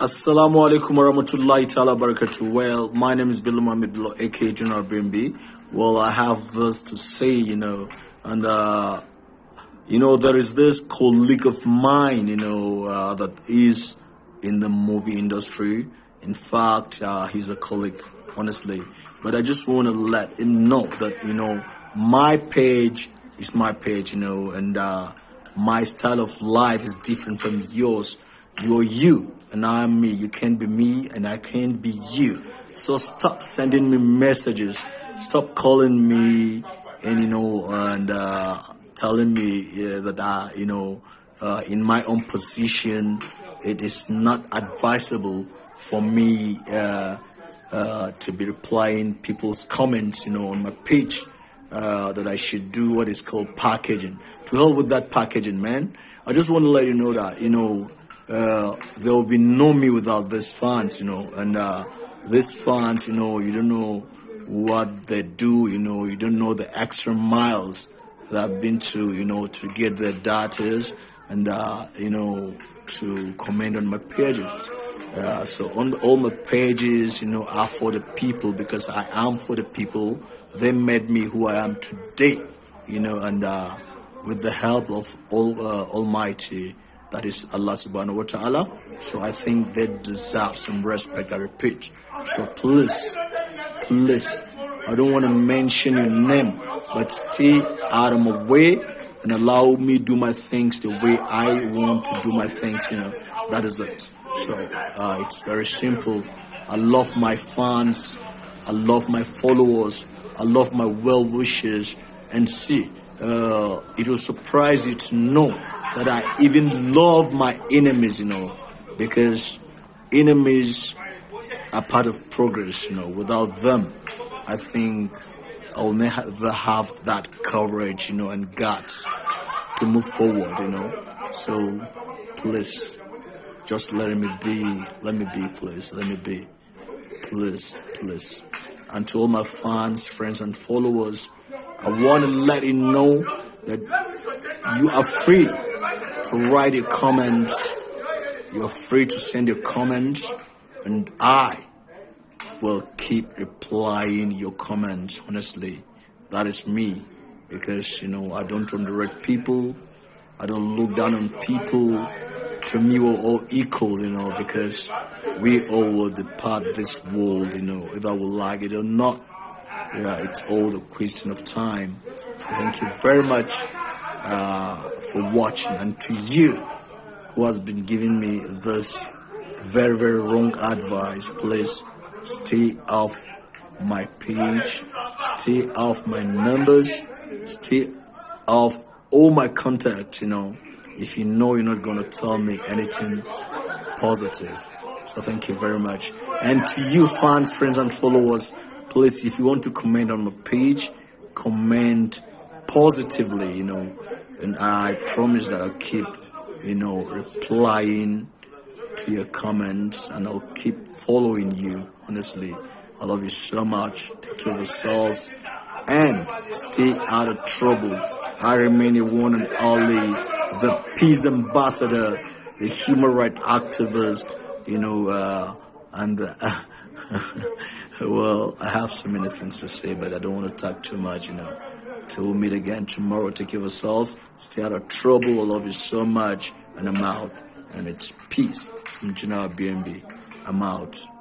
Assalamu alaikum warahmatullahi ta'ala barakatuh. Well, my name is Bill Mohamed aka General BMB. Well, I have this to say, you know, and, uh, you know, there is this colleague of mine, you know, uh, that is in the movie industry. In fact, uh, he's a colleague, honestly. But I just want to let him know that, you know, my page is my page, you know, and uh, my style of life is different from yours. You're you and I'm me. You can't be me, and I can't be you. So stop sending me messages. Stop calling me, and you know, and uh, telling me yeah, that I, uh, you know, uh, in my own position, it is not advisable for me uh, uh, to be replying people's comments, you know, on my page. Uh, that I should do what is called packaging. To hell with that packaging, man. I just want to let you know that, you know, uh, there will be no me without these funds, you know. And uh, these funds, you know, you don't know what they do, you know, you don't know the extra miles that I've been to, you know, to get their daughters and, uh, you know, to comment on my pages. Uh, so on all my pages, you know, are for the people because I am for the people. They made me who I am today, you know, and uh, with the help of all uh, Almighty that is Allah subhanahu wa ta'ala. So I think they deserve some respect, I repeat. So please, please, I don't want to mention your name, but stay out of my way and allow me do my things the way I want to do my things, you know. That is it. So uh, it's very simple. I love my fans. I love my followers. I love my well wishers. And see, uh, it will surprise you to know that I even love my enemies, you know, because enemies are part of progress, you know. Without them, I think I'll never have that courage, you know, and guts to move forward, you know. So please, just let me be, let me be, please, let me be, please, please. And to all my fans, friends, and followers, I want to let you know that you are free write a comment. You're free to send your comment, and I will keep replying your comments. Honestly, that is me because you know I don't underrate people. I don't look down on people. To me, we're all equal, you know, because we all will depart this world, you know, I we like it or not. Yeah, it's all a question of time. So thank you very much. Uh, for watching and to you who has been giving me this very, very wrong advice. Please stay off my page, stay off my numbers, stay off all my contacts, you know, if you know you're not going to tell me anything positive. So thank you very much. And to you fans, friends and followers, please, if you want to comment on my page, comment positively, you know. And I promise that I'll keep, you know, replying to your comments and I'll keep following you, honestly. I love you so much. Take care of yourselves and stay out of trouble. I remain the one and only, the peace ambassador, the human rights activist, you know, uh, and uh, well, I have so many things to say, but I don't want to talk too much, you know. Till we meet again tomorrow, take care of yourselves. Stay out of trouble. I love you so much. And I'm out. And it's peace from Janelle BNB. I'm out.